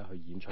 去演出。